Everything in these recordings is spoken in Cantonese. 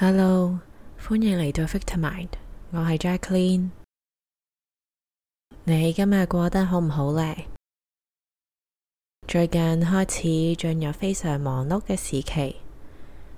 Hello，歡迎嚟到 Vitamind，我係 Jacklyn。你今日過得好唔好呢？最近開始進入非常忙碌嘅時期，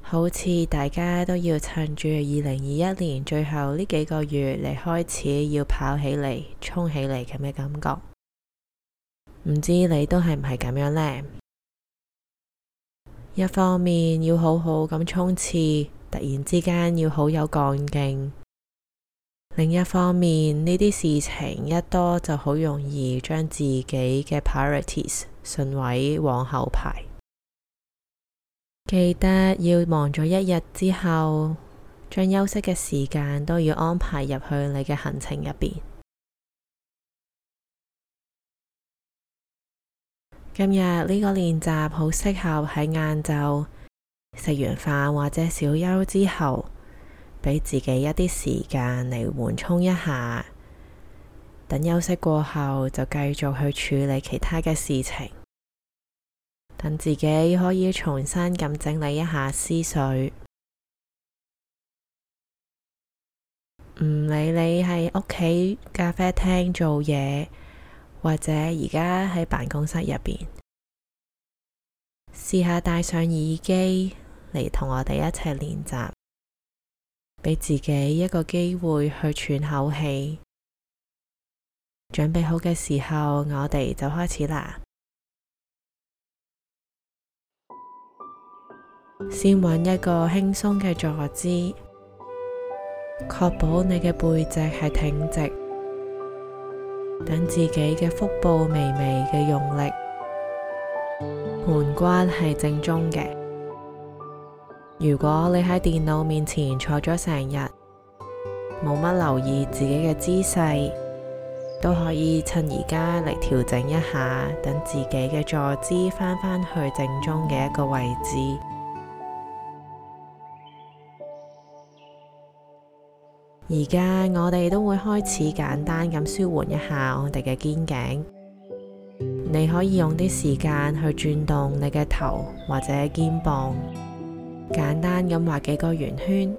好似大家都要趁住二零二一年最後呢幾個月嚟開始要跑起嚟、衝起嚟咁嘅感覺。唔知你都係唔係咁樣呢？一方面要好好咁衝刺。突然之間要好有幹勁，另一方面呢啲事情，一多就好容易將自己嘅 priorities 順位往後排。記得要忙咗一日之後，將休息嘅時間都要安排入去你嘅行程入邊。今日呢個練習好適合喺晏晝。食完飯或者小休之後，俾自己一啲時間嚟緩衝一下，等休息過後就繼續去處理其他嘅事情。等自己可以重新咁整理一下思緒，唔理你喺屋企咖啡廳做嘢，或者而家喺辦公室入邊，試下戴上耳機。嚟同我哋一齊練習，俾自己一個機會去喘口氣。準備好嘅時候，我哋就開始啦。先揾一個輕鬆嘅坐姿，確保你嘅背脊係挺直，等自己嘅腹部微微嘅用力，盆關係正中嘅。如果你喺電腦面前坐咗成日，冇乜留意自己嘅姿勢，都可以趁而家嚟調整一下，等自己嘅坐姿返返去正中嘅一個位置。而家我哋都會開始簡單咁舒緩一下我哋嘅肩頸。你可以用啲時間去轉動你嘅頭或者肩膀。簡單咁畫幾個圓圈，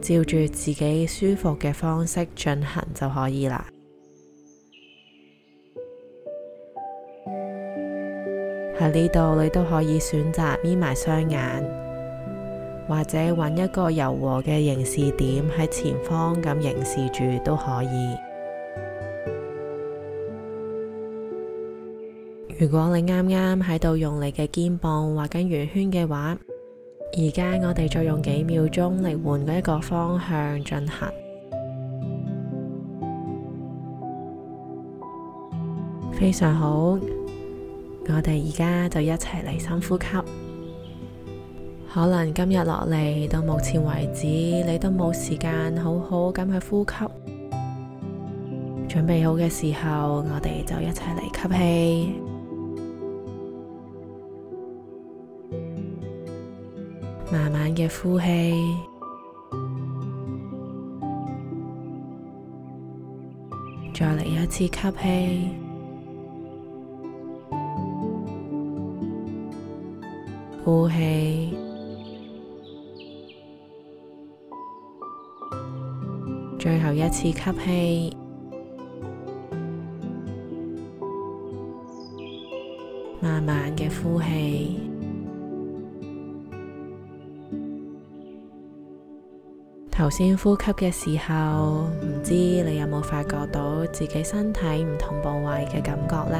照住自己舒服嘅方式進行就可以啦。喺呢度你都可以選擇眯埋雙眼，或者揾一個柔和嘅凝視點喺前方咁凝視住都可以。如果你啱啱喺度用你嘅肩膀畫緊圓圈嘅話，而家我哋再用幾秒鐘嚟換一個方向進行，非常好。我哋而家就一齊嚟深呼吸。可能今日落嚟到目前為止，你都冇時間好好咁去呼吸。準備好嘅時候，我哋就一齊嚟吸氣。慢慢嘅呼氣，再嚟一次吸氣，呼氣，最後一次吸氣，慢慢嘅呼氣。頭先呼吸嘅時候，唔知你有冇發覺到自己身體唔同部位嘅感覺呢？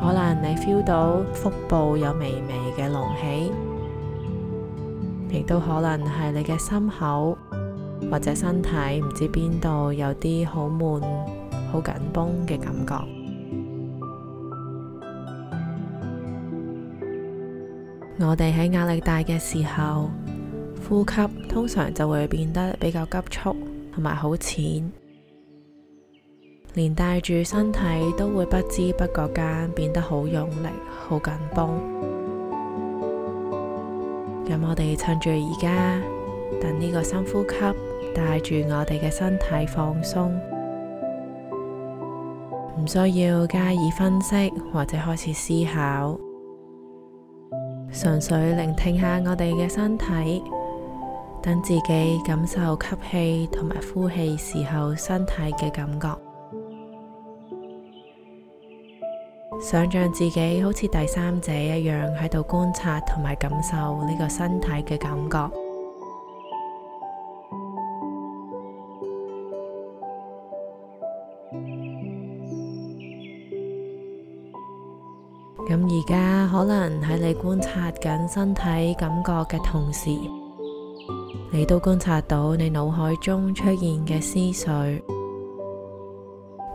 可能你 feel 到腹部有微微嘅隆起，亦都可能係你嘅心口或者身體唔知邊度有啲好悶、好緊繃嘅感覺。我哋喺壓力大嘅時候，呼吸通常就會變得比較急促，同埋好淺，連帶住身體都會不知不覺間變得好用力、好緊繃。咁我哋趁住而家，等呢個深呼吸，帶住我哋嘅身體放鬆，唔需要加以分析或者開始思考。純粹聆聽下我哋嘅身體，等自己感受吸氣同埋呼氣時候身體嘅感覺。想象自己好似第三者一樣喺度觀察同埋感受呢個身體嘅感覺。咁而家可能喺你觀察緊身體感覺嘅同時，你都觀察到你腦海中出現嘅思緒，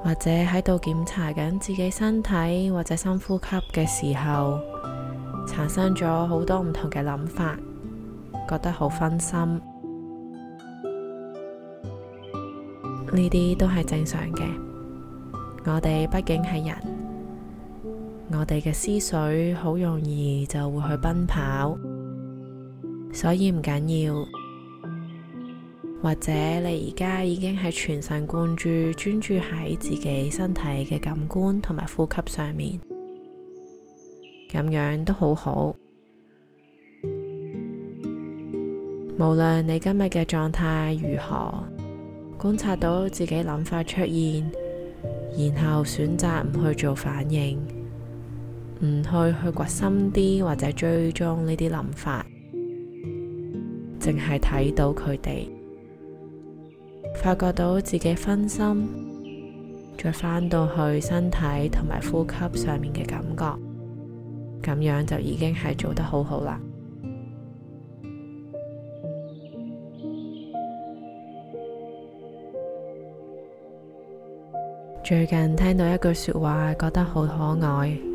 或者喺度檢查緊自己身體或者深呼吸嘅時候，產生咗好多唔同嘅諗法，覺得好分心。呢啲都係正常嘅，我哋畢竟係人。我哋嘅思緒好容易就會去奔跑，所以唔緊要。或者你而家已經係全神貫注，專注喺自己身體嘅感官同埋呼吸上面，咁樣都好好。無論你今日嘅狀態如何，觀察到自己諗法出現，然後選擇唔去做反應。唔去去掘深啲或者追蹤呢啲諗法，淨係睇到佢哋，發覺到自己分心，再返到去身體同埋呼吸上面嘅感覺，咁樣就已經係做得好好啦。最近聽到一句説話，覺得好可愛。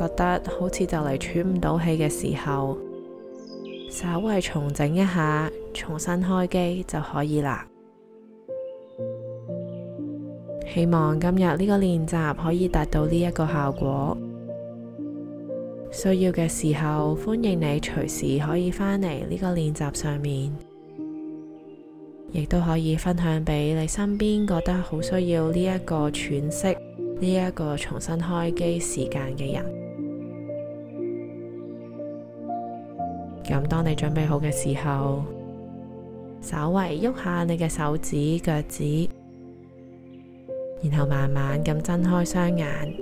覺得好似就嚟喘唔到氣嘅時候，稍微重整一下，重新開機就可以啦。希望今日呢個練習可以達到呢一個效果。需要嘅時候，歡迎你隨時可以返嚟呢個練習上面，亦都可以分享俾你身邊覺得好需要呢一個喘息、呢一個重新開機時間嘅人。咁當你準備好嘅時候，稍微喐下你嘅手指、腳趾，然後慢慢咁睜開雙眼。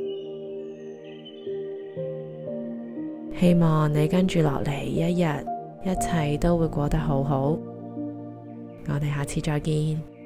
希望你跟住落嚟一日，一切都會過得好好。我哋下次再見。